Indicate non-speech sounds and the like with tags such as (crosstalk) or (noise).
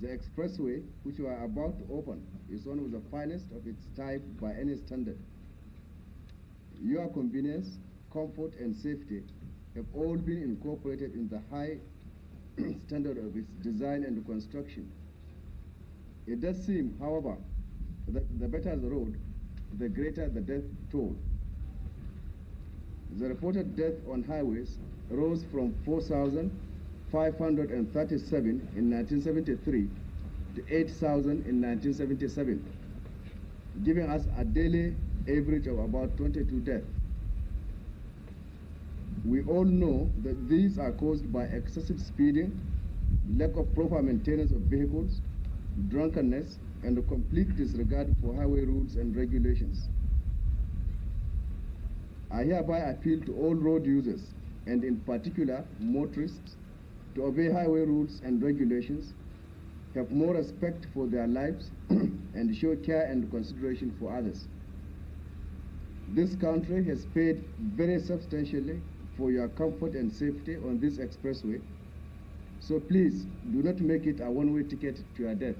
The expressway, which we are about to open, is one of the finest of its type by any standard. Your convenience, comfort, and safety have all been incorporated in the high (clears throat) standard of its design and construction. It does seem, however, that the better the road, the greater the death toll. The reported death on highways rose from 4,000 537 in 1973 to 8,000 in 1977, giving us a daily average of about 22 deaths. We all know that these are caused by excessive speeding, lack of proper maintenance of vehicles, drunkenness, and a complete disregard for highway rules and regulations. I hereby appeal to all road users, and in particular motorists, to obey highway rules and regulations, have more respect for their lives, (clears throat) and show care and consideration for others. This country has paid very substantially for your comfort and safety on this expressway, so please do not make it a one-way ticket to your death.